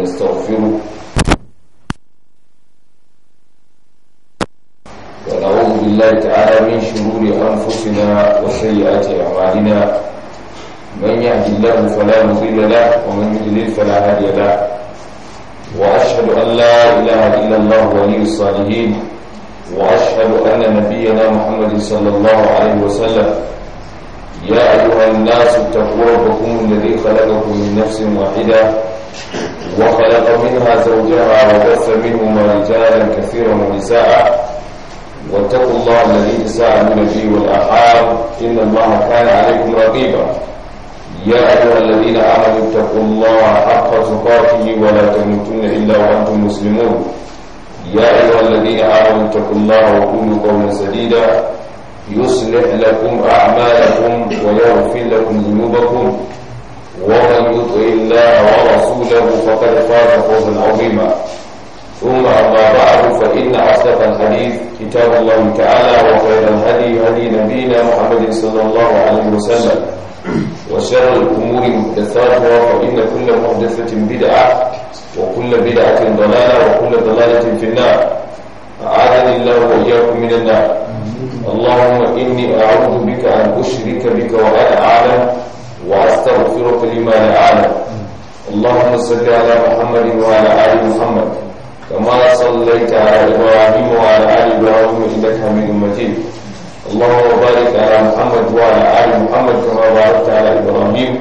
ونستغفره ونعوذ بالله تعالى من شرور أنفسنا وسيئات أعمالنا من يهد الله فلا مضل له ومن يضلل فلا هادي له وأشهد أن لا إله إلا الله ولي الصالحين وأشهد أن نبينا محمد صلى الله عليه وسلم يا أيها الناس اتقوا ربكم الذي خلقكم من نفس واحدة وخلق منها زوجها وبث منهما رجالا كثيرا ونساء واتقوا الله الذي تساءلون به والارحام ان الله كان عليكم رقيبا يا ايها الذين امنوا اتقوا الله حق تقاته ولا تموتن الا وانتم مسلمون يا ايها الذين امنوا اتقوا الله وقولوا قولا سديدا يصلح لكم اعمالكم ويغفر لكم ذنوبكم ومن يطع الله ورسوله فقد فاز فوزا عظيما ثم أما بعد فإن أصدق الحديث كتاب الله تعالى وخير الهدي هدي نبينا محمد صلى الله عليه وسلم وشر الأمور محدثاتها فإن كل محدثة بدعة وكل بدعة ضلالة وكل ضلالة في النار أعاذني الله وإياكم من النار اللهم إني أعوذ بك أن أشرك بك وأنا أعلم وأستغفرك لما لا أعلم اللهم صل على محمد وعلى آل محمد كما صليت على إبراهيم وعلى آل إبراهيم إنك حميد مجيد اللهم بارك على محمد وعلى آل محمد كما باركت على إبراهيم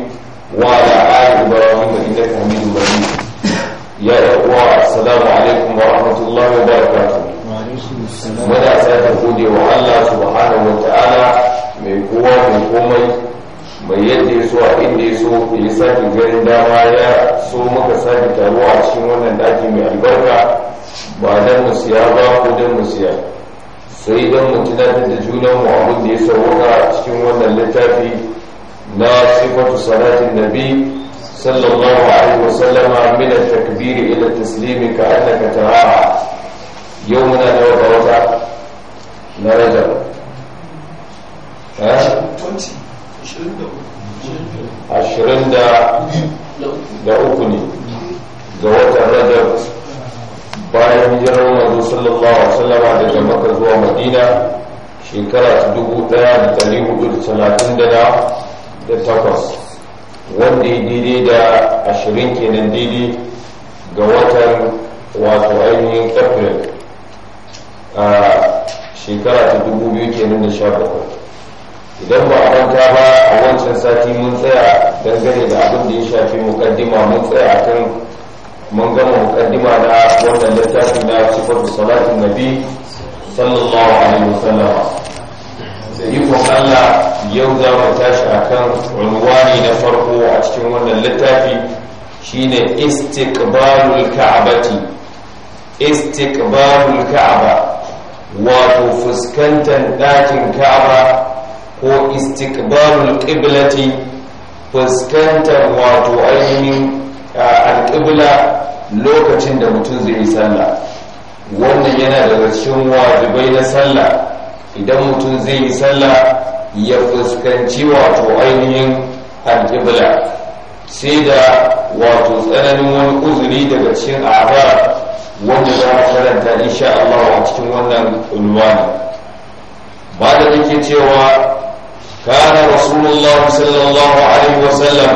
وعلى آل إبراهيم إنك حميد مجيد يا إخوة السلام عليكم ورحمة الله وبركاته muna sake gode wa Allah subhanahu wa ta'ala mai kowa mai komai mai yadda ya so a inda ya so ya sake ganin dama ya so muka sake taruwa a cikin wannan daki mai albarka ba don mu siya ba ko don mu siya sai don mu tunatar da mu abin da ya sauwaka a cikin wannan littafi na sifatu salatin nabi sallallahu alaihi wasallama min at-takbir ila taslimi ka annaka taraha yau muna da wata wata na rajab eh? ashirin da uku ne ga watan rajab bayan hijirar wanzu sallallahu alaihi sallama daga maka zuwa madina shekara ta dubu daya da dari hudu da talatin da da takwas wanda ya daidai da ashirin kenan daidai ga watan wato ainihin april a shekara ta dubu biyu kenan da sha bakwai idan ba a banka ba a wancan sati mun tsaya dangane da abin da ya shafi mukaddima mun tsaya kan mun gama mukaddima na wannan littafin na sifar salatin nabi sallallahu alaihi wasallam da ikon Allah yau za mu tashi akan unwani na farko a cikin wannan littafi shine istiqbalul ka'bati istiqbalul ka'aba wato fuskantar dakin ka'aba ko istikbarul qiblati fuskantar wato ainihin alƙibla lokacin da mutum zai yi sallah wannan yana daga cikin wajibai na sallah idan mutum zai yi sallah ya fuskanci wato ainihin alƙibla sai da wato tsananin wani uzuri daga cikin abar wanda za a karanta insha Allah a cikin wannan ulwani ba da nake cewa كان رسول الله صلى الله عليه وسلم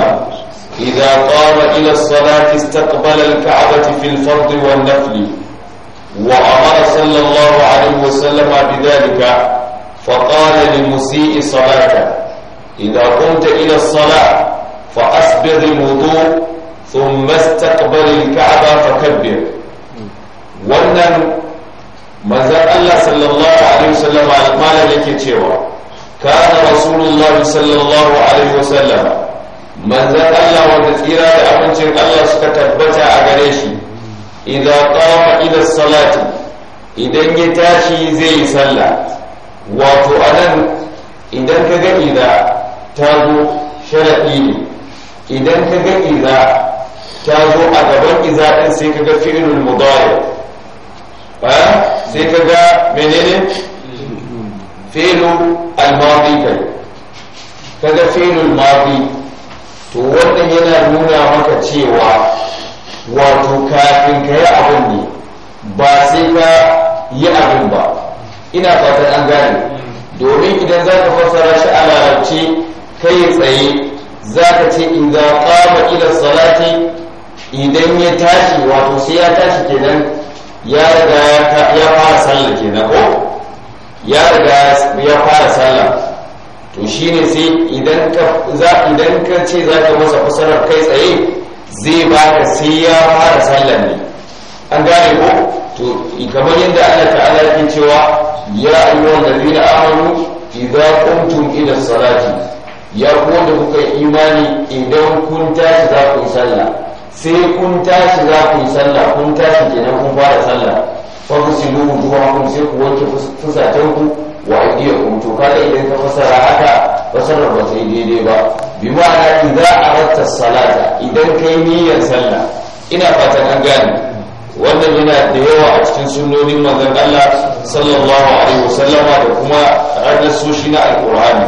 إذا قام إلى الصلاة استقبل الكعبة في الفرض والنفل وأمر صلى الله عليه وسلم بذلك فقال لمسيء صلاته إذا قمت إلى الصلاة فأسبغ الوضوء ثم استقبل الكعبة فكبر wannan manzan Allah sallallahu alaihi wasallam alƙalar yake cewa kana rasulullahi sallallahu alaihi wasallam manzan Allah wanda tsira da abincin Allah suka tabbata a gare shi idan qama salati idan ya tashi zai yi sallah wato nan idan ka gani idan ta zo ne idan ka gani idan ta zo a gaban iza din sai ka ga fi'lul mudari sai ka ga menene fi'lu al-madi kai kaga fi'lu to wannan yana nuna maka cewa wato kafin ka yi abin ne ba sai ka yi abin ba ina fatan an gane domin idan za ka fassara shi a larabci kai tsaye za ka ce in za ƙama ila salati idan ya tashi wato sai ya tashi kenan ya riga ya fara sallah kenan ko ya riga ya fara sallah to shine sai idan ka za idan ka ce za ka masa fasarar kai tsaye zai ba ka sai ya fara sallah ne an gane ko to kamar yadda Allah ta'ala yake cewa ya ayyuhal ladina amanu idza qumtum ila salati ya kuma da kuka imani idan kun tashi za ku yi sallah sai kun tashi za ku yi sallah kun tashi kenan kun fara sallah fagsilu wujuhakum sai ku wanke fusatanku wa aydiyakum to kada idan ka fasara haka fasarar ba ta daidai ba bi ma'ana idza aratta salata idan kai niyyar sallah ina fatan an gane wannan yana da yawa a cikin sunnonin manzon Allah sallallahu alaihi wasallama da kuma radasoshi na alqur'ani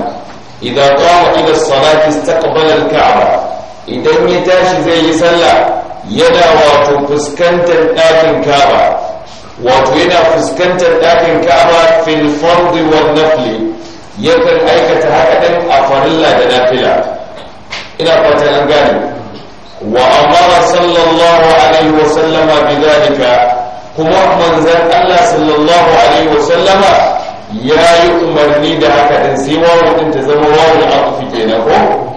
idza qama ila salati istaqbala al-ka'ba idan ya tashi zai yi sallah yana wato fuskantar ɗakin kaba. wato yana fuskantar ɗakin ka'aba fil fardi wal nafli yakan aikata haka din a farilla da nafila ina fatan an gane wa amara sallallahu alaihi wa sallama bidhalika kuma manzon Allah sallallahu alaihi wa sallama ya yi umarni da haka din sai wawu din ta zama wawu al-afi kenan ko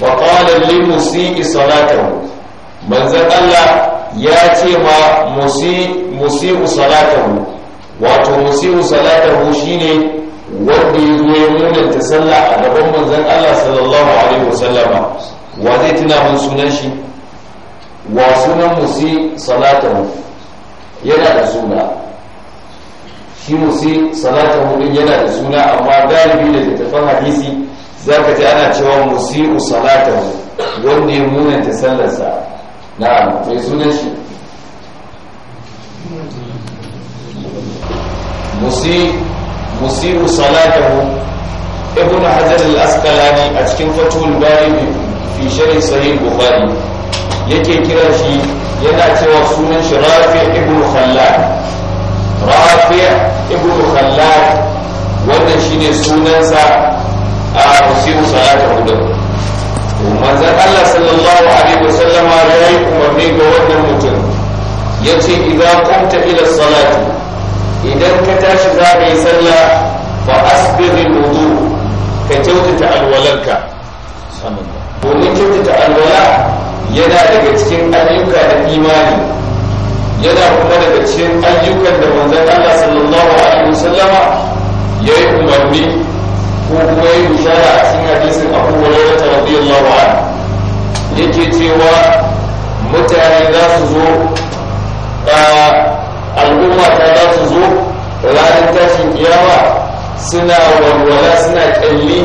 fa qala lil musii salatahu manzon Allah ya ce ma musii musiu salatahu wato musiu salatahu shine wanda ya zo ya munanta sallah a gaban manzon Allah sallallahu alaihi wasallama wa zai tuna mun sunan shi wa sunan musi salatahu yana da suna shi musi salatahu din yana da suna amma galibi da littafin hadisi zaka ji ana cewa musiu salatahu wanda ya munanta sallarsa na'am mai sunan shi musiru salatahu ibn hajar al-asqalani a cikin fatul bari fi sharh sahih bukhari yake kira shi yana cewa sunan shi rafi ibn khallad rafi ibn khallad wannan shine sunansa a musiru salatahu da manzon Allah sallallahu alaihi wasallama ya yi umarni ga wannan mutum yace idan qumta ila salati idan ka tashi za ka yi sallah fa asbirin wudu ka kyautata alwalarka domin kyautata alwala yana daga cikin ayyuka da imani yana kuma daga cikin ayyukan da manzon Allah sallallahu alaihi wasallama ya yi umarni ko kuma yi bishara a cikin hadisin Abu Hurairah radiyallahu anhu yake cewa mutane za su zo al'umma ta za su zo ranar tashin kiyama suna walwala suna kalli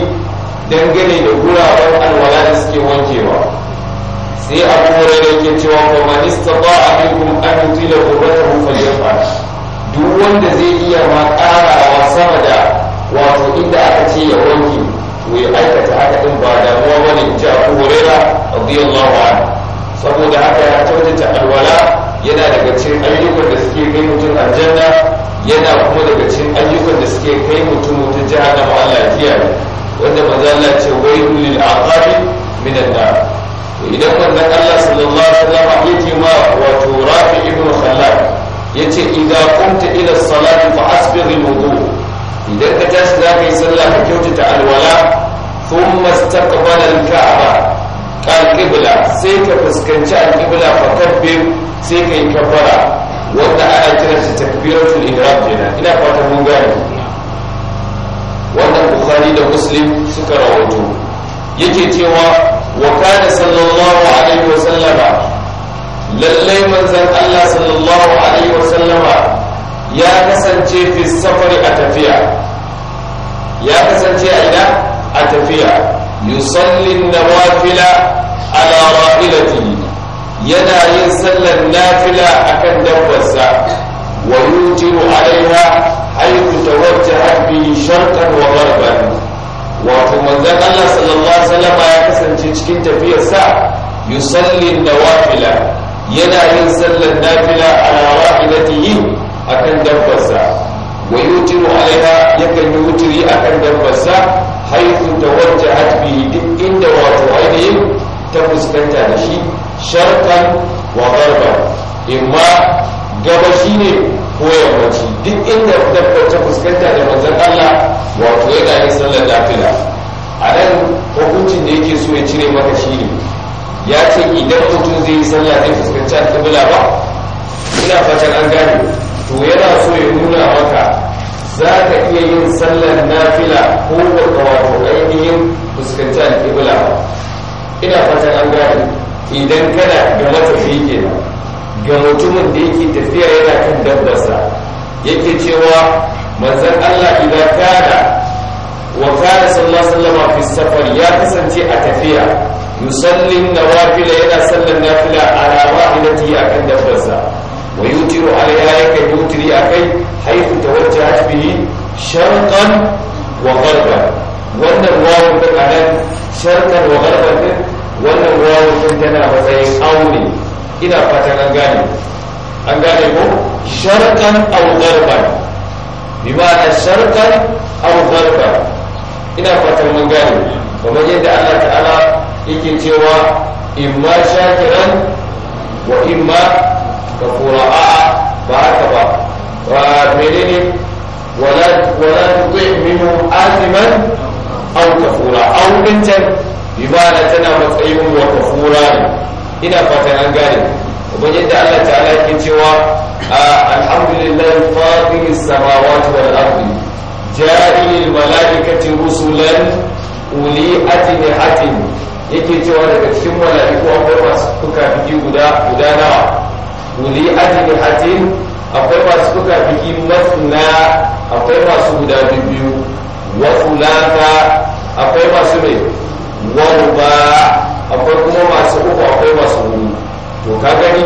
dangane da guraren alwala da suke wankewa sai abu hore da ke cewa kuma ba a minkum an da qurbata hu falyafa duk wanda zai iya ma karawa sama da wato inda aka ce ya wanke to ya aikata haka ɗin ba damuwa bane in ji abu hore radiyallahu anhu saboda haka ya kyautata alwala yana daga cikin ayyukan da suke kai mutum aljanna yana kuma daga cikin ayyukan da suke kai mutum wata jahannama Allah ya wanda manzo Allah ce waylul lil aqabi min an-nar idan wannan Allah sallallahu alaihi wasallam yake ma wato Rafi ibn Khallal yace idza qumta ila salati fa asbigh al idan ka tashi za ka yi sallah ka kyautata alwala thumma istaqbala al-ka'ba alƙibla sai ka fuskanci alƙibla fa kabbir sai ka yi kafara wanda ana kiran shi takbiratul ihram kenan ina fatan mun gane wannan bukhari da muslim suka rawaito yake cewa wa kana sallallahu alaihi wa sallama lallai manzon Allah sallallahu alaihi wa sallama ya kasance fi safari a tafiya ya kasance a ina a tafiya yusalli nawafila ala ra'ilatihi yana yin sallar nafila akan dabbarsa wa yutiru alaiha haythu tawajjaha bi sharqan wa gharban wato manzon Allah sallallahu alaihi ya kasance cikin tafiyarsa yusalli nawafila yana yin sallar nafila ala ra'ilatihi akan dabbarsa wa yutiru alaiha yakan yi wutiri akan dabbarsa haifu da wajen hajji duk inda wato ainihin ta fuskanta da shi sharkan wa garba imma gabashi ne ko yammaci duk inda dabbar ta fuskanta da manzan Allah wato yana yin sallar lafiya a nan hukuncin da yake so ya cire maka shi ne ya ce idan mutum zai yi sallah zai ta alƙibla ba ina fatan an gane to yana so ya nuna maka za ka iya yin sallar nafila ko da wato ainihin fuskanci alƙibla ina fatan an gane idan kana ga matafi kenan ga mutumin da yake tafiya yana kan dabbarsa yake cewa manzon Allah idan kana wa kana sallallahu alaihi fi safar ya kasance a tafiya yusallin nawafila yana sallar nafila ala wahidati kan dabbasa. ويوتر عليها يكيوتري أكي حيث توجهت به شرقا وغربا وأن الواو تقعد شرقا وغربا وأن الواو تنتنى فتين أولي إلى فتن أنقاني أنقاني هو شرقا أو غربا بمعنى شرقا أو غربا إلى فتن أنقاني ومن يدعى الله تعالى إكي إما شاكرا وإما a'a ba haka ba wa menene wala wala tuti minhu aziman aw kafura aw bintan ibada tana matsayin wa kafura ne ina fatan an gane kuma yadda Allah ta'ala yake cewa alhamdulillah fatir samawati wal ardi ja'il malaikati rusulan uli ajnihatin yake cewa daga cikin malaiku akwai masu fuka guda guda nawa wuli ajnihatin akwai masu buka biki mafuna akwai masu guda biyu wa fulata akwai masu mai wa ruba akwai kuma masu uku akwai masu hudu to ka gani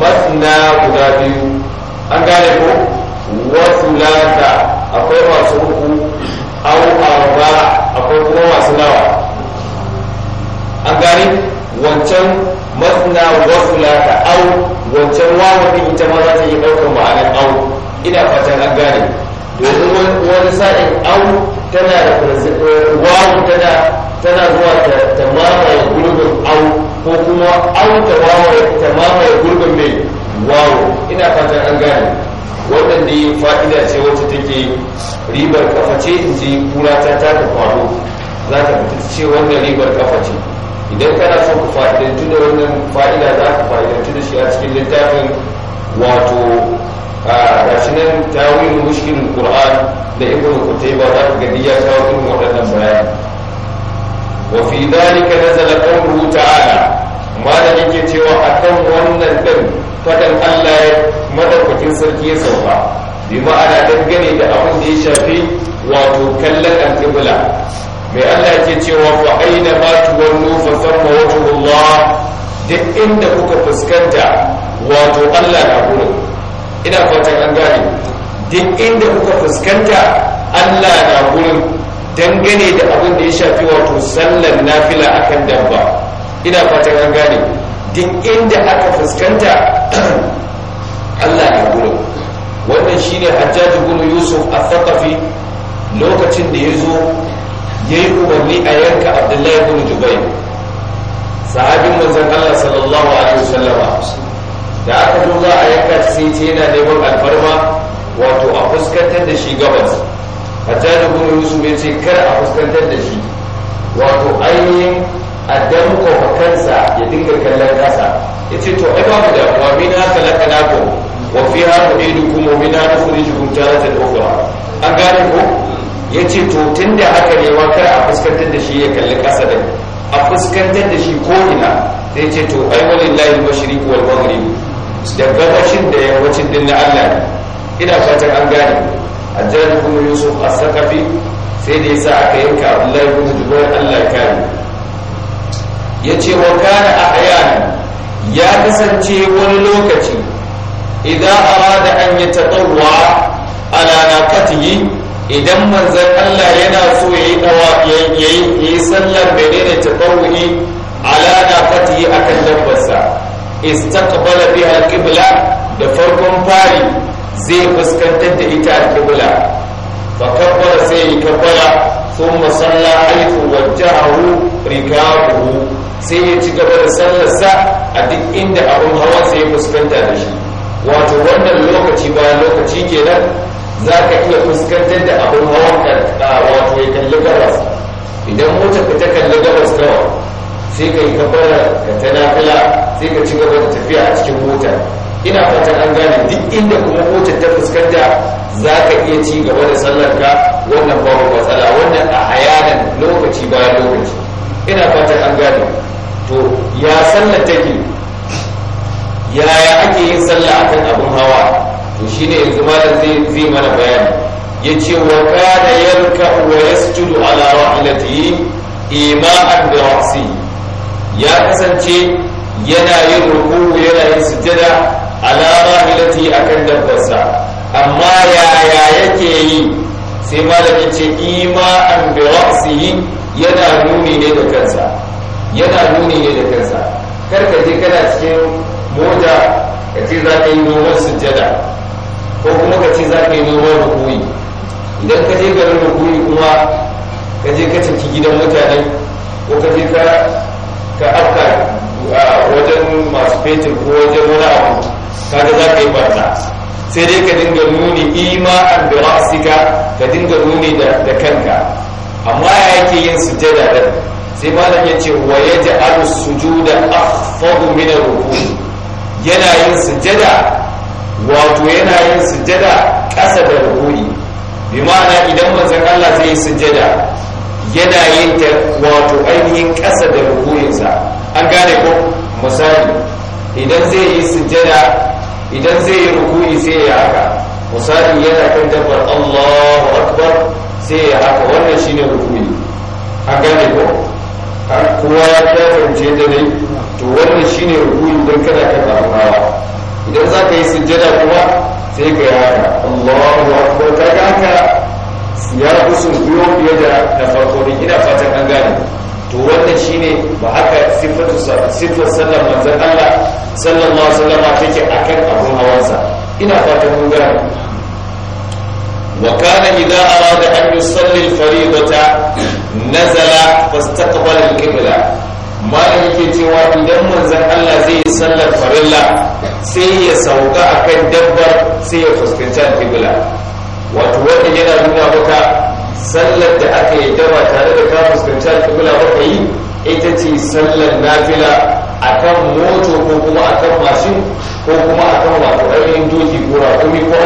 mafuna guda biyu an gane ko wa fulata akwai masu uku au arba akwai kuma masu nawa an gane wancan mafuna wa fulata au wancan wawan din ita ma za ta yi ɗaukar ma'anar au ina fatan an gane domin wani sa'in au tana da wawa tana tana zuwa ta mamaye gurbin au ko kuma au ta wawa ta gurbin mai wawo ina fatan an gane wannan dai fa'ida ce wacce take ribar kafa ce in ji kura ta ta kwado za ta fita ce wannan ribar kafa ce idan kana so ku fa'idantu da wannan fa'ida za ka fa'idantu da shi a cikin littafin wato a rashinan tawil mushkilin qur'an da ibn ba za ku gani ya kawo irin waɗannan bayan wa fi dalika nazala qawluhu ta'ala da yake cewa akan wannan din fadan Allah ya madaukakin sarki ya sauka bi ma'ana dangane da abin da ya shafi wato kallon alƙibla mai Allah ke cewa fa aina ma tuwannu fa thamma wajhullah duk inda kuka fuskanta wato Allah na gurin ina fatan an gane duk inda kuka fuskanta Allah na gurin dangane da abin da ya shafi wato sallar nafila akan dabba ina fatan an gane duk inda aka fuskanta Allah na gurin wannan shine Hajjaj ibn Yusuf al-Thaqafi lokacin da ya zo yayi umarni a yanka abdullahi bin jubair sahabin manzon allah sallallahu alaihi wasallam da aka zo za a yanka sai ce yana neman alfarma wato a fuskantar da shi gabas hajjaji bin yusuf ya ce kar a fuskantar da shi wato ainihin a kofa kansa ya dinga kallon kasa ya ce to ai babu da wa min haka laka nako wa fi haka ne dukkan wa min haka sun ji kumta na ta an gane ko ya ce to tun da haka ne wa kar a fuskantar da shi ya kalli ƙasa da a fuskantar da shi ko ina sai ce to ai walillahi mashriq wal maghrib da gabashin da ya din na Allah ina fatan an gane ajal kuma yusuf a sakafi sai da yasa aka yanka Abdullahi da dubar Allah ya ce wa kana ayyana ya kasance wani lokaci idan arada an yi yatawwa ala yi. idan manzan Allah yana so ya yi dawa ya yi sallar menene tabawuhi ala nafatihi akan dabbarsa istaqbala biha qibla da farkon fari zai fuskantar da ita qibla fa kabbara sai ya kabbara thumma salla haythu wajjahu rikabuhu sai ya ci gaba da sallarsa a duk inda abin hawa sai ya fuskanta da shi wato wannan lokaci bayan lokaci kenan za ka iya fuskantar da abin hawan ka wato ya kalli gabas idan motar ka ta kalli gabas kawai sai ka yi kabara ka ta nafila sai ka ci gaba da tafiya a cikin motar ina fatan an gane duk inda kuma motar ta fuskanta za ka iya ci gaba da sallar ka wannan babu matsala wannan a hayanan lokaci bayan lokaci ina fatan an gane to ya sallar take yaya ake yin sallah akan abin hawa to ne yanzu malam zai mana bayani ce wa kana yarka wa yasjudu ala rahilatihi ima'an da wasi ya kasance yana yin ruku yana yin sujada ala a akan dabbarsa amma yaya yake yi sai malam yace ima'an bi ra'sihi yana nuni ne da kansa yana nuni ne da kansa karka je kana cikin mota ka ce za ka yi noman sujada ko kuma ka ce za ka yi noman rukuni idan ka je garin rukuni kuma ka je ka cinci gidan mutane ko ka je ka ka afka wajen masu fetur ko wajen wani abu ga za ka yi barna sai dai ka dinga nuni ima da rasika ka dinga nuni da kanka amma ya yake yin sujada da sai malam ya ce wa ya ji alu sujuda afadu min ruku yana yin sujada wato yana yin sujjada ƙasa da rukuni bi ma'ana idan manzon Allah zai yi sujjada yana yin ta wato ainihin ƙasa da rukuninsa an gane ko misali idan zai yi sujjada idan zai yi rukuni sai ya haka misali yana kan dabbar Allahu akbar sai ya haka wannan shine rukuni an gane ko kowa ya fahimce da dai to wannan shine rukuni don kada ka fara idan za ka yi sujjada kuma sai ka yi haka Allahu akbar ka ga haka ya fi sun biyo fiye da na farko din ina fatan an gane to wannan shine ba haka sifatu sifatu sallan manzon Allah sallallahu alaihi wasallam take akan abun hawansa ina fatan mun gane وكان إذا أراد أن يصلي الفريضة نزل فاستقبل القبلة malam yake cewa idan manzan Allah zai yi sallar farilla sai ya sauka a kan dabbar sai ya fuskanci alƙibla wato wannan yana nuna maka sallar da aka yi daba tare da ka fuskanci alƙibla baka yi ita ce sallar nafila akan moto ko kuma akan mashin ko kuma akan wato ainihin doki ko rakumi ko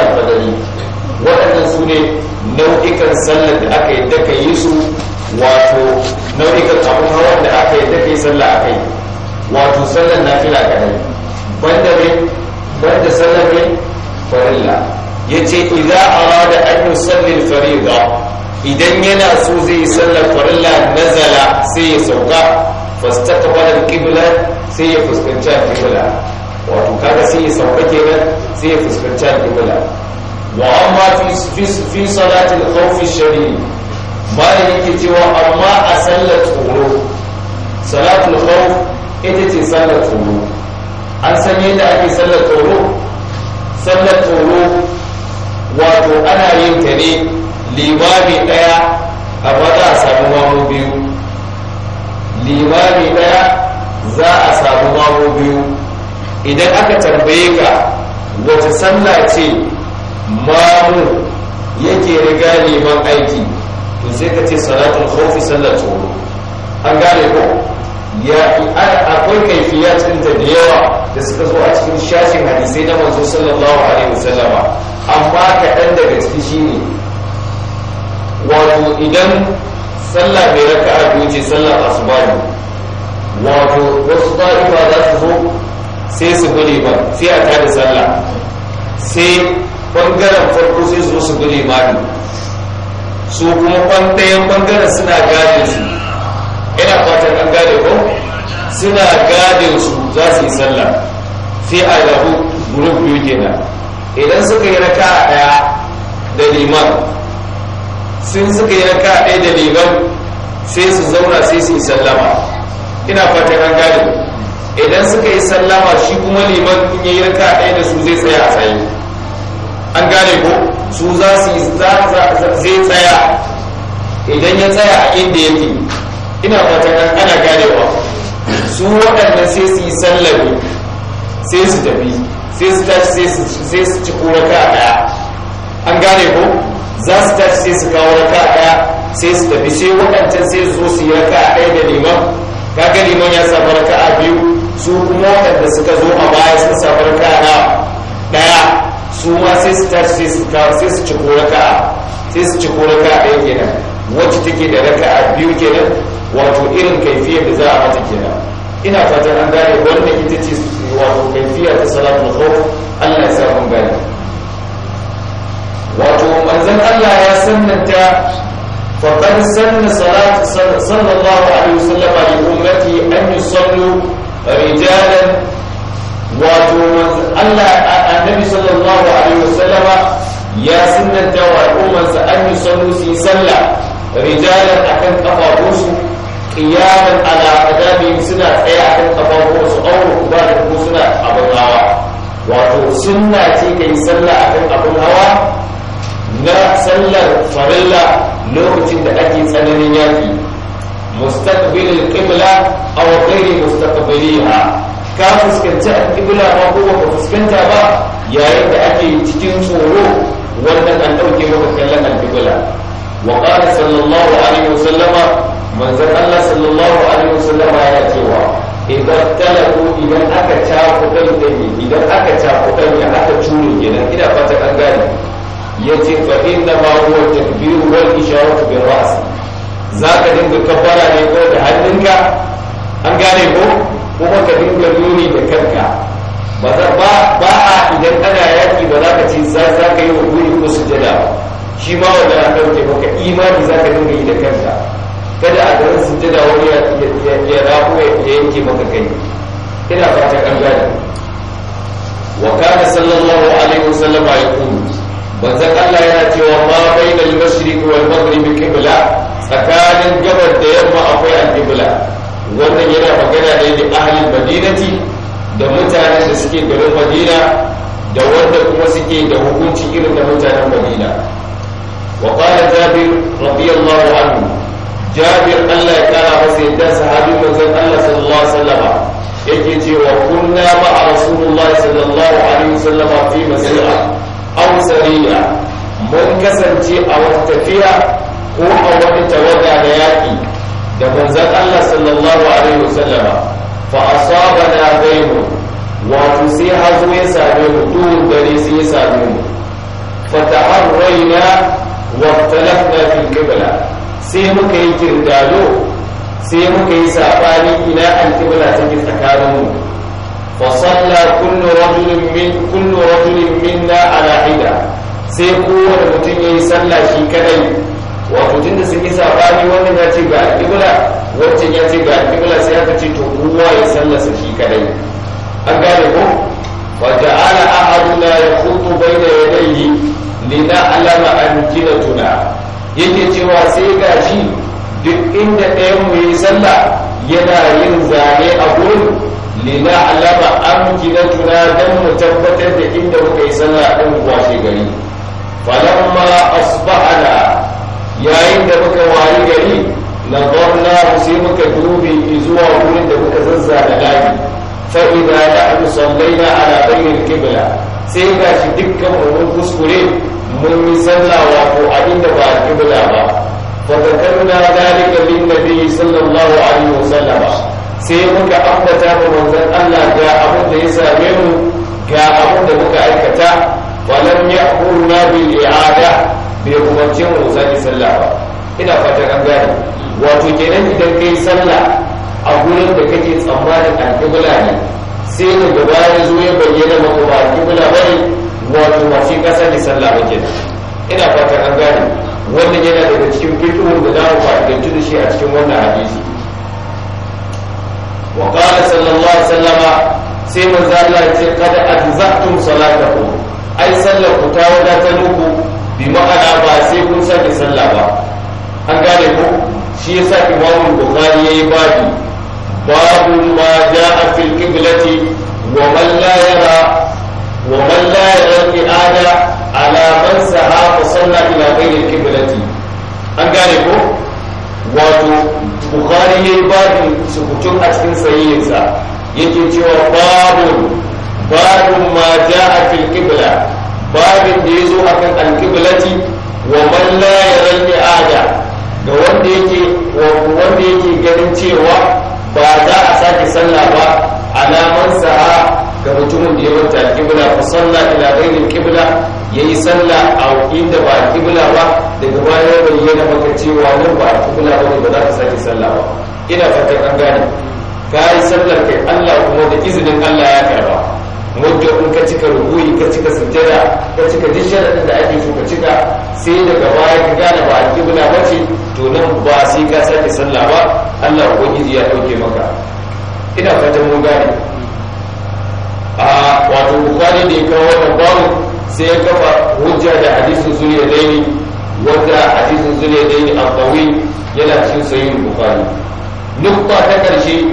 alfadari waɗannan su ne nau'ikan sallar da aka yi daga yi su wato nau'ikan abun hawan da aka yi tafi sallah a kai wato sallan fila ga dai banda ne banda sallar ne farilla yace idza arada an yusalli al-fariida idan yana so zai sallar farilla nazala sai ya sauka fastaqbala al-qibla sai ya fuskanci al-qibla wato kaga sai ya sauka kenan sai ya fuskanci al-qibla wa amma fi fi salati al-khawf ash malam yake cewa amma a sallar tsoro salatul khawf ita ce sallar tsoro an san yadda ake sallar tsoro sallar tsoro wato ana yin ta ne limami daya a za a samu mamu biyu limami daya za a samu mamu biyu idan aka tambaye ka wace sallah ce mamu yake riga neman aiki to sai ka ce salatun khawfi sallar tsoro an gane ko ya akwai kaifiya cikin ta da yawa da suka zo a cikin shashin hadisai na manzo sallallahu alaihi wasallama amma kaɗan daga ciki shine wato idan sallah mai raka a ce sallar asuba ne wato wasu ba za su zo sai su gure ba sai a tada sallah sai bangaren farko sai su zo su gure ma su kuma kwantayen bangaren suna gadin su ina fatan an gade ko suna gadin su za su yi sallah sai a rabu guruf biyu kenan idan suka yi raka a daya da liman sun suka yi raka a daya da liman sai su zauna sai su yi sallama ina fatan an gade idan suka yi sallama shi kuma liman in yi raka a daya da su zai tsaya a tsaye an gane ko su za su yi zai tsaya idan ya tsaya a inda yake ina fatan ana ganewa su waɗanda sai su yi sallabi sai su tafi sai su tashi sai su ci koraka a ɗaya an gane ko za su tashi sai su kawo raka a ɗaya sai su tafi sai waɗancan sai su zo su yi raka a ɗaya da neman kaga neman ya samu raka a biyu su kuma waɗanda suka zo a baya sun samu raka a ɗaya su ma sai su tashi sai su ci ko raka'a ɗaya kenan wacce take da a biyu kenan wato irin kaifiyar da za a mata kenan ina fatan an gane wannan ita ce wato kaifiya ta salatul khawf Allah ya sa mun gane wato manzon Allah ya sannanta faqad sanna salat sallallahu alaihi wasallam li ummati an yusallu rijalan wato Allah ya annabi sallallahu alaihi wasallam ya sunnanta wa al'ummarsa an yi sallu su yi sallah rijalan akan kafafunsu qiyaman ala qadamihim suna tsaye akan kafafunsu aw ba da ku suna abun hawa wato sunna ce kai sallah akan abin hawa na sallar farilla lokacin da ake tsananin yaki مستقبل القبلة أو غير مستقبلها كان فسكنت القبلة ما هو فسكنتها بقى yayin da ake cikin tsoro wanda kan ɗauke maka kallon alƙibla wa qala sallallahu alaihi sallama, manzon Allah sallallahu alaihi sallama ya cewa idan talaku idan aka cakuɗa dai idan aka cakuɗa ya aka cure gidan ina fata an gane yace fa inna ma huwa takbiru wal isharatu bil ra's zaka dinga kabbara ne ko da hannunka an gane ko kuma ka dinga nuni da kanka ba ba a idan ana yaki ba za ka ci za ka yi wa guri ko sujada shi ma wanda an ɗauke maka imani za ka dinga yi da kanka kada a garin sujada wani ya rafu ya yanke maka kai ina fata an gane wa kana sallallahu alaihi wasallam ya kuma banzan Allah yana cewa ma da mashriq wal maghrib qibla tsakanin gabar da yamma akwai al-qibla wannan yana magana ne da ahlul madinati da mutane da suke gari madina da wanda kuma suke da hukunci irin da mutanen madina wa qala jabir radiyallahu anhu jabir Allah ya kara masa yadda sahabi manzon Allah sallallahu alaihi wasallam yake cewa kunna ma'a rasulullahi sallallahu alaihi wasallam fi masira aw sariya mun kasance a wata tafiya ko a wani tawaga da yaki da manzon Allah sallallahu alaihi wasallam fa asabana gaibu wato sai hazo ya same mu duhun dare sai ya same mu fataharraina na fi qibla sai muka yi kirdalo sai muka yi sabani ina alqibla take tsakanin mu fa salla kullu rajulin min kullu rajulin minna ala hida sai kowane mutum yayi sallah shi kadai wato tun da sun yi sabani wannan ya ce ga alƙibla wancan ya ce ga alƙibla sai aka ce to kowa ya sallasa shi kadai an gane ko wa ala ahaduna ya kutu bai da yanayi lina alama an gina tuna yake cewa sai ga shi duk inda ɗaya mu yi sallah yana yin zane a gurin lina alama an gina tuna don mu tabbatar da inda muka yi sallah ɗin washe gari falamma asbahana yayin da muka wayi gari nazarna sai muka dubi zuwa wurin da muka zazzana layi da idza sallai na ala bayyil qibla sai ga shi dukkan mun kuskure mun yi sallah wato abinda ba kibla ba fa zakarna zalika nabi sallallahu alaihi wasallam sai muka ambata wa manzon Allah ga abin da ya same mu ga abin da muka aikata walam ya'murna bil i'ada bai umarce mu sake sallah ba ina fatan an gane wato kenan idan kai sallah a gurin da kake tsammanin alƙibla ne sai da gaba ya zo ya bayyana maka ba alƙibla ba ne wato ba shi ka sake sallah ba kenan ina fatan an gane wannan yana daga cikin fitowar da za mu fa'idanci da shi a cikin wannan hadisi wa qala sallallahu alaihi wasallama sai manzo Allah ya ce kada ajza'tum salatakum ai sallar ku ta wadatar nuku. bi ma'ana ba sai kun sake sallah ba an gane ku shi yasa imamu bukhari yayi babu babu ma jaa fil qiblati wa man la yara wa man la yara qi'ada ala man saha fa salla ila ghayri qiblati an gane ku wato bukhari yayi babu sukutun a cikin sahihinsa yake cewa babu babu ma jaa fil qibla babin da ya zo a kan alkiblati wa man ya yaral da wanda yake wanda yake ganin cewa ba za a sake sallah ba alaman sa'a ga mutumin da ya manta alkibla fa sallah ila kibla ya yayi sallah a inda ba alkibla ba daga baya bayyana maka cewa nan ba alkibla ne ba za ka sake sallah ba ina fatan an gane ka yi sallar kai Allah kuma da izinin Allah ya karba muddin in ka cika rubuyi ka cika sujjada ka cika duk sharadin da ake so ka cika sai daga baya ka gane ba alƙibla ba ce to nan ba sai ka sake sallah ba Allah ubangiji ya dauke maka ina fatan mun gane a wato bukari da ka wata babu sai ya kafa hujja da hadisin zuriya daini wanda hadisin zuriya daini a yana cikin sayin bukari nukta ta ƙarshe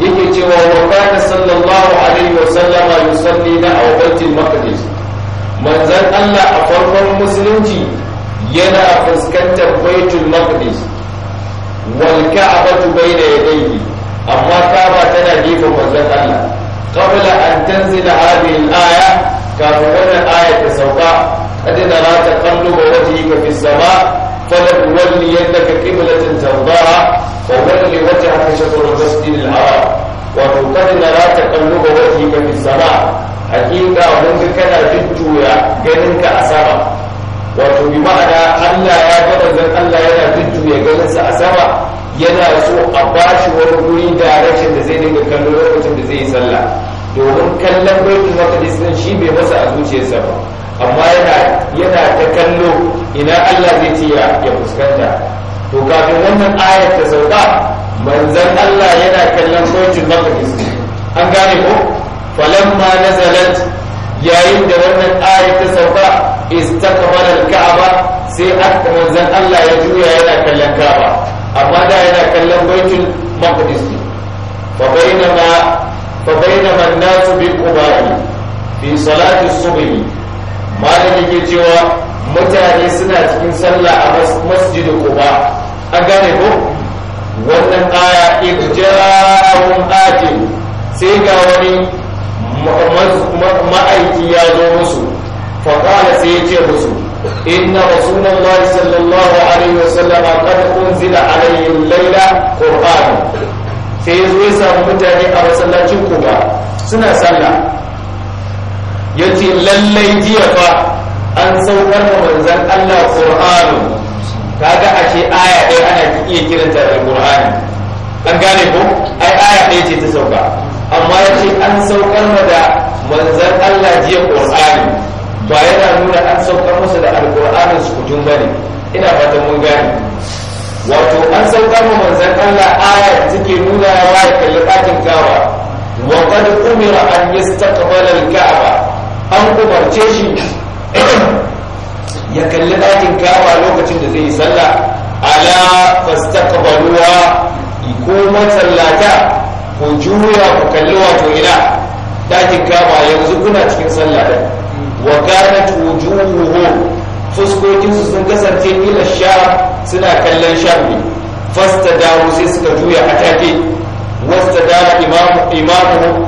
yake cewa wa kana sallallahu alaihi wa sallama yusalli na awbatil maqdis manzon Allah a farkon musulunci yana fuskantar baitul maqdis wal ka'batu bayna yadayhi amma ka'aba tana gefen manzon Allah qabla an tanzila hadhihi al-aya kafin wannan aya ta sauka qad nara taqalluba wajhika fis sama' فلتولينك قبلة ترضاها فول وجهك شطر المسجد الحرام wato kada na za ta kallo ga wajen gabin sama hakika wanda kana jin juya ganin ka a sama wato bi ma'ana Allah ya gaba zan Allah yana jin juya ganin a sama yana so a bashi wani guri da rashin da zai dinga kallo lokacin da zai yi sallah domin kallon baitul maqdis din shi bai masa a zuciyarsa ba amma yana yana ta kallo ina Allah zai ce ya fuskanta to kafin wannan ayar ta sauka manzon Allah yana kallon sojin maqdis an gane ko na nazalat yayin da wannan ayar ta sauka istakbala al sai aka manzon Allah ya juya yana kallon Ka'ba amma da yana kallon baitul maqdis ne fa bainama fa bainama an-nas bi salati as malam yake cewa mutane suna cikin sallah a masjid kuba an gane ko wannan aya idja'un atin sai ga wani ma'aiki ya zo musu fa sai ya ce musu إن رسول Sallallahu alaihi الله عليه وسلم قد أنزل عليه الليلة قرآن sai ya zo ya samu mutane a masallacin kuba suna sallah ya ce lallai jiya fa an saukar da manzan Allah Qur'anu kaga ashe aya ɗaya ana iya kiranta da Qur'ani an gane ko ai aya ɗaya ce ta sauka amma ya ce an saukar da manzan Allah jiya Qur'ani ba yana nuna an saukar musu da Al-Qur'ani su kujin bane ina fatan mun gane wato an saukar da manzan Allah aya take nuna wa ya kalli ɗakin kawa wa qad umira an yastaqbala al-Ka'ba an kubarce shi ya kalli ɗakin kaba lokacin da zai yi sallah ala kabaruwa ko masallata ko juya ku kalli wato ina ɗakin kama yanzu kuna cikin sallah da wa gane wujuhuhum fuskokin su sun kasance ila sha suna kallon sha ne dawo sai suka juya a take wasta imamu imamu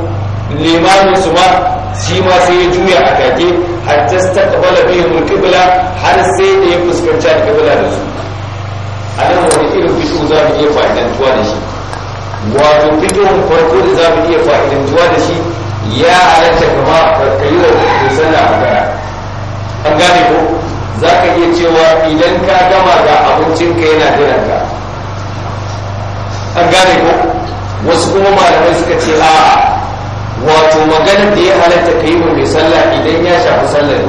limamin su ma shi ma sai ya juya a kage ta stakabala biyu mun kibla har sai da ya fuskanci a kibla da su anan wani irin fito za mu iya fa'idantuwa da shi wato fitowar farko da za mu iya fa'idantuwa da shi ya halatta kama kayi wa musalla a gara an gane ko za ka iya cewa idan ka gama ga abincinka yana ka an gane ko wasu kuma malamai suka ce a'a wato maganin da ya halatta ka yi wa mai sallah idan ya shafi sallar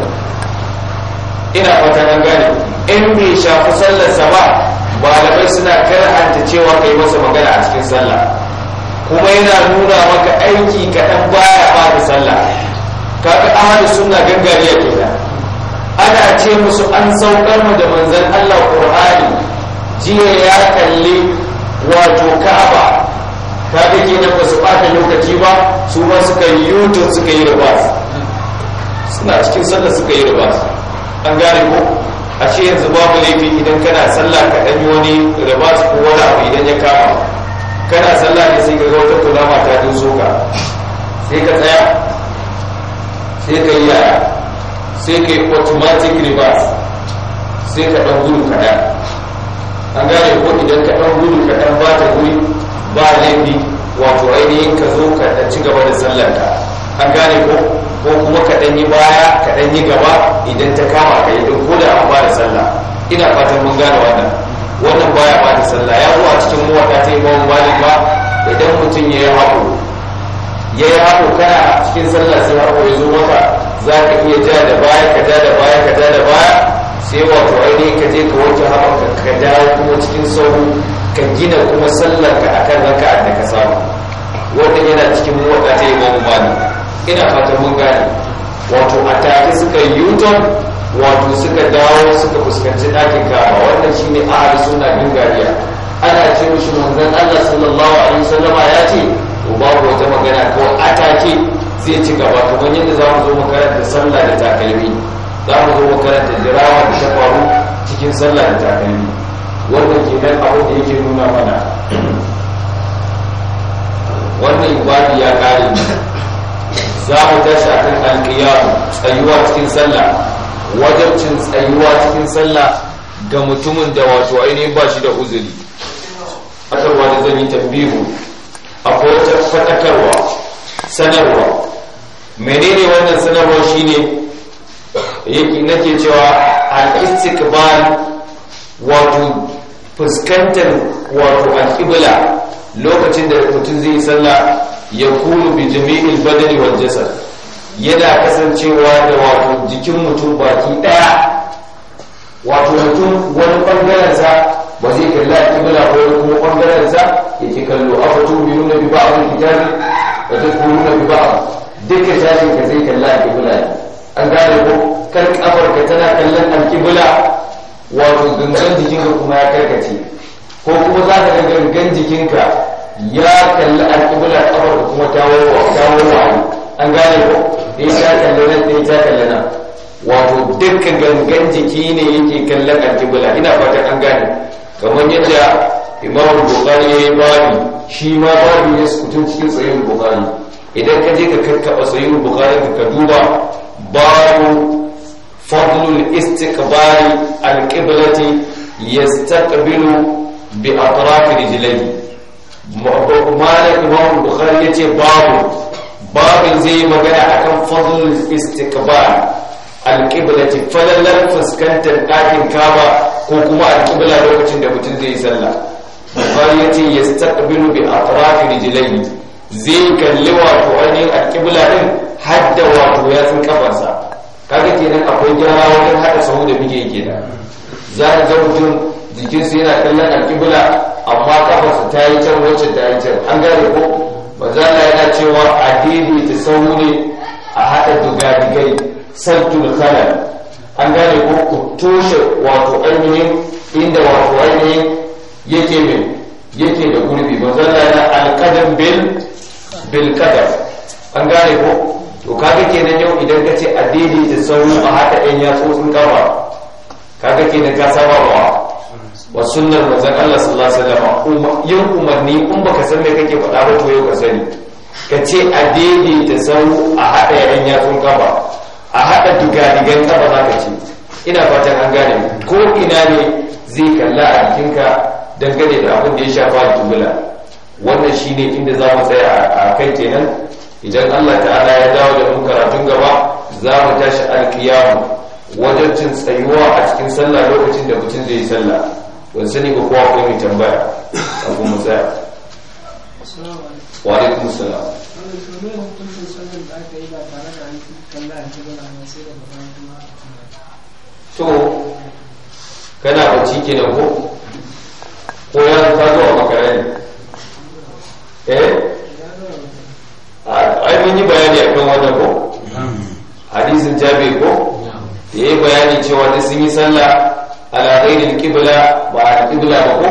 ina fata an gane in bai shafi sallar sa ba malamai suna karanta cewa ka yi masa magana a cikin sallah kuma yana nuna maka aiki kaɗan baya ba da sallah Ahadu suna sunna gangariya kenan ana ce musu an saukar mu da manzon Allah Qur'ani jiya ya kalli wato Ka'aba ka ga kenan ba su bata lokaci ba su ma suka yi yutun suka yi riba suna cikin sallah suka yi riba an gane ko a ce yanzu babu laifi idan kana sallah ka dan yi wani riba ko wani abu idan ya kama kana sallah ne sai ka ga wata kulama ta din soka sai ka tsaya sai ka yi yaya sai ka yi automatic reverse sai ka ɗan gudu kaɗan an gane ko idan ka ɗan gudu kaɗan ba ta guri ba laifi wato ainihin ka zo ka ci gaba da sallarka an gane ko ko kuma ka yi baya ka yi gaba idan ta kama ka yi duk ko da an fara sallah ina fatan mun gane wannan wannan baya ba ta sallah ya zuwa cikin wata ta yi ba ba idan mutum ya yi haƙo ya yi haƙo kana cikin sallah sai haƙo ya zo maka za ka iya ja da baya ka ja da baya ka ja da baya sai wato ainihin ka je ka wanke haɓanka ka dawo kuma cikin sauru ka gina kuma sallar a kan raka da ka samu wanda yana cikin mota ta yi mamu bani ina fatan mun gane wato a tafi suka yi yuton wato suka dawo suka fuskanci ɗakin kama wannan shi ne ahal suna bin gariya ana ce mishi manzan allah sallallahu alaihi wasallama ya ce to babu wata magana ko a take zai ci gaba kamar yadda za mu zo mu karanta sallah da takalmi za mu zo mu karanta jirawa da shafaru cikin sallah da takalmi wannan ke nan abin da yake nuna mana wannan ibadi ya kare ne za mu tashi a kan alƙiyamu tsayuwa cikin sallah wajabcin tsayuwa cikin sallah ga mutumin da wato ainihin ba shi da uzuri fatarwa da zan yi tambihu akwai wata fatakarwa sanarwa menene wannan sanarwa shine yake nake cewa al-istiqbal wato fuskantar wato al-qibla lokacin da mutum zai sallah ya kulu bi jami'il badani wal jasad yana kasancewa da wato jikin mutum baki daya wato mutum wani bangaren sa ba zai kalla kibla ko kuma bangaren sa yake kallo afatu bi nuna bi ba'd kitab wa tadkuruna bi ba'd duka shashin ka zai kalla kibla an gane ko kar kafarka tana kallon alkibula wato gangan jikinka kuma ya karkace ko kuma za ka ga gangan jikinka ya kalli alkibula kafarka kuma ta wawo an gane ko dai eh, ta kalli nan dai eh, ta kalli nan wato duka gangan jiki ne yake kallon alkibula ina fatan an gane kamar yadda imamu bukhari ya yi babi shi ma babi ya sukutun cikin tsayin bukhari idan ka je ka karkaba tsayin bukhari ka duba babu فضل الاستقبال القبلة يستقبل بأطراف رجليه مالك إمام البخاري يتي باب باب زي ما قال عن فضل الاستقبال القبلة فللر فسكنت الآكل كابا كوكما القبلة لوكتن دمتن زي سلا بخاري يتي يستقبل بأطراف رجليه zai kalli wato ainihin alƙibla ɗin hadda wato ya tsin kafarsa kaga kenan akwai gyara wajen hada sahu da muke kenan za a zama mutum jikinsa yana kallon alƙibla amma kafarsa ta yi can wacce ta yi can an gane ko ba za a yana cewa a daidaita sahu ne a haɗa duga-digai sartul khalal an gane ko ku toshe wato ainihin inda wato ainihin yake min yake da gurbi ba a yana alkadam bil kadar an gane ko to kaga kenan yau idan ka ce addini da sauri a haka ɗan so sun kama kaga kenan ka saba wa wa sunnar manzon Allah sallallahu alaihi wasallam yin umarni in baka san me kake faɗa ba to yau ka sani ka ce addini da sauri a haka ɗan yatsun kama a haka digadigan kama za ka ce ina fatan an gane ko ina ne zai kalla a jikinka dangane da abin da ya shafa jumla wannan shine inda za mu tsaya a kai kenan idan Allah ta'ala ya dawo da mu karatun gaba za mu tashi alkiyamu wajen cin tsayuwa a cikin sallah lokacin da mutum zai yi sallah wani sani ba kowa kai mai tambaya a mu tsaya wa alaikum salam to kana bacci kenan ko ko ya ka zo a makarai sallah ala ghairil qibla ba a qibla ba ko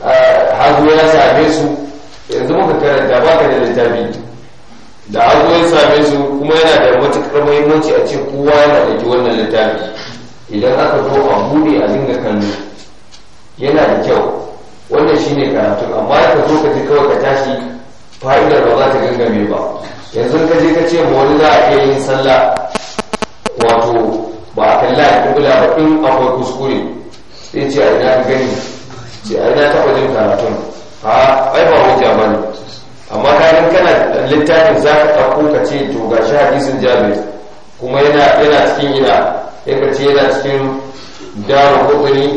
ah, hagu ya same su yanzu muka karanta ba ka da littafi da hagu ya same su kuma yana da matuƙar muhimmanci a ce kowa yana da ji wannan littafi idan aka zo a buɗe a dinga kallo yana da kyau wannan shine karatu amma ka zo ka ji kawai ka tashi fa'idar ba za ta gangame ba yanzu ka je ka ce ma wani za a iya yin sallah in akwai kuskure sai ce a ina gani ce a ina taɓa jin karatun a ai ba hujja ba amma kayan kana littafin za ka ɗauko ka ce to ga shi hadisin jabir kuma yana cikin ina ya ka ce yana cikin dawa kudiri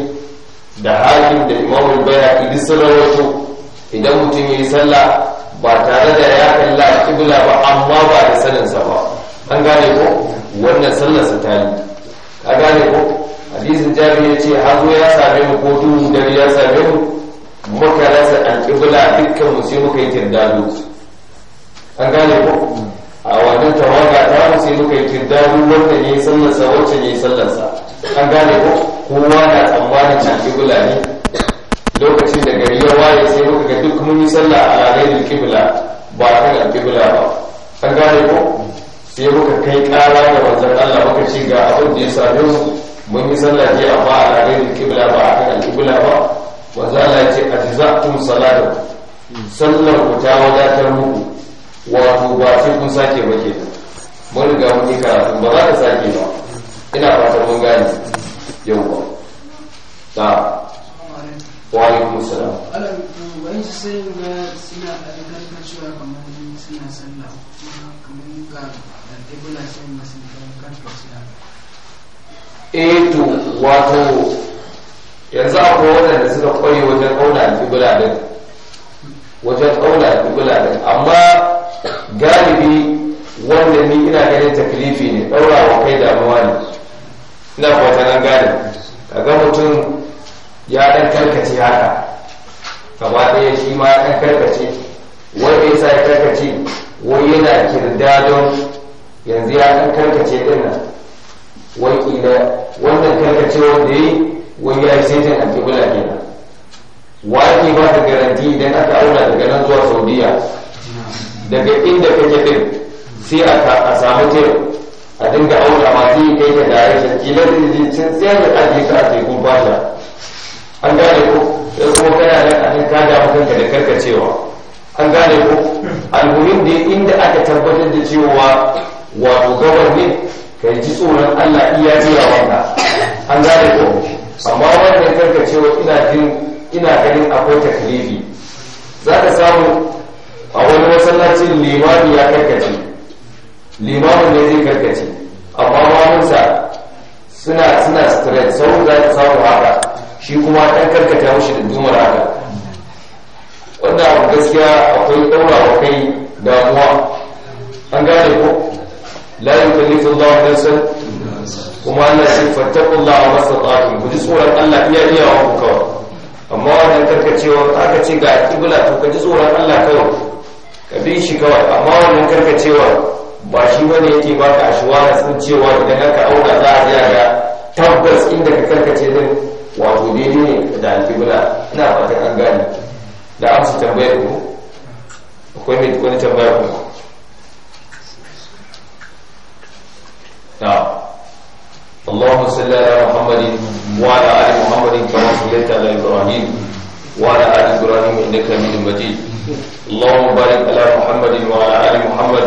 da hakim da imamul baya idan sun idan mutum ya yi sallah ba tare da ya kalla kibla ba amma ba da saninsa ba an gane ko wannan sallarsa ta yi a gane ko hadisin jabi ya ce hazo ya same mu ko duhun dare ya same mu muka rasa alƙibla dukkan mu sai muka yi tirdalu an gane ko a wannan tawaga ta mu sai muka yi tirdalu wanda ne sa wacce ne sa an gane ko kowa na tsammanin alƙibla ne lokacin da gari ya waye sai muka ga duk mun yi sallah a ranar kibla ba kan alƙibla ba an gane ko sai muka kai ƙara da manzon Allah muka ci ga abin da ya same mu mun yi sallah a ba a da kibla ba a kan kibla ba wa Allah ya ce ajza'tum salatu sallar ku ta wadatar muku wato ba sai kun sake ba ke mun riga mun yi karatu ba za ka sake ba ina fatan mun gane yau ba ta wa alaikum salam wani sai ga suna da karkar cewa kamar suna sallah kuma kamar ga da ibula sai masu karkar suna eh to wato yanzu akwai da suka kware wajen ƙauna alƙibla din wajen ƙauna alƙibla din amma galibi wanda ni ina ganin taklifi ne ɗaura wa kai damuwa ne ina kwata nan gane kaga mutum ya ɗan karkace haka gaba ɗaya shi ma ya ɗan karkace wanda ya sa ya karkace wai yana kirda don yanzu ya ɗan karkace ɗin nan wakila wannan karkacewar ya yi wani ya yi saitin alkibula kenan wa ake ba ka garanti idan aka auna daga nan zuwa saudiya daga inda kake din sai a samu tef a dinga auna ma yi kai ka shi kila da zai can sai da ajiye ka a tekun fasha an gane ko sai kuma kana nan a nan ka damu da karkacewa an gane ko almuhim da inda aka tabbatar da cewa wato gabar ne ka ji tsoron Allah iya jiya wanda an gane ko amma ya karka cewa ina jin ina ganin akwai taklifi za ka samu a wani wasannaci, limami ya karkace limamin ne zai karkace amma mamunsa suna suna stress sau za ka samu haka shi kuma ɗan karkata mushi da dumar haka wanda gaskiya akwai ɗaura wa kai damuwa an gane ko la yukallifu Allah nafsan kuma Allah shi fattaqullaha masata'tum ku ji tsoron Allah iya iya wa ku kawai amma wannan karkacewa aka ce ga kibla to ka ji tsoron Allah kawai ka bi shi amma wannan karkacewa ba shi bane yake baka ashwara sun cewa idan aka auna tabbas inda ka karkace din wato daidai ne da alkibla ina fatan an gane da amsa tambayar ku akwai mai wani tambayar ku نعم اللهم صل على محمد وعلى ال محمد كما صليت على ابراهيم وعلى ال ابراهيم انك حميد مجيد اللهم بارك على محمد وعلى ال محمد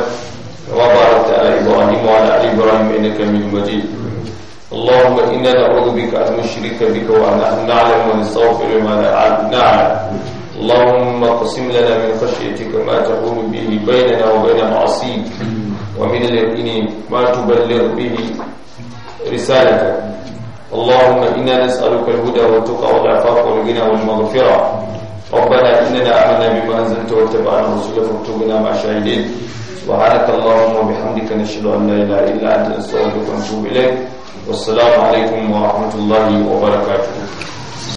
كما باركت على ابراهيم وعلى ال ابراهيم انك حميد مجيد اللهم انا نعوذ بك ان نشرك بك وان نعلم ونستغفر ما نعلم اللهم اقسم لنا من خشيتك ما تقوم به بيننا وبين معصيك ومن اليقين ما تبلغ به رسالتك اللهم إنا نسألك الهدى والتقى والعفاف والغنى والمغفرة ربنا إننا آمنا بما أنزلت واتبعنا الرسول فاكتبنا مع الشاهدين سبحانك اللهم وبحمدك نشهد أن لا إله إلا أنت نستغفرك ونتوب إليك والسلام عليكم ورحمة الله وبركاته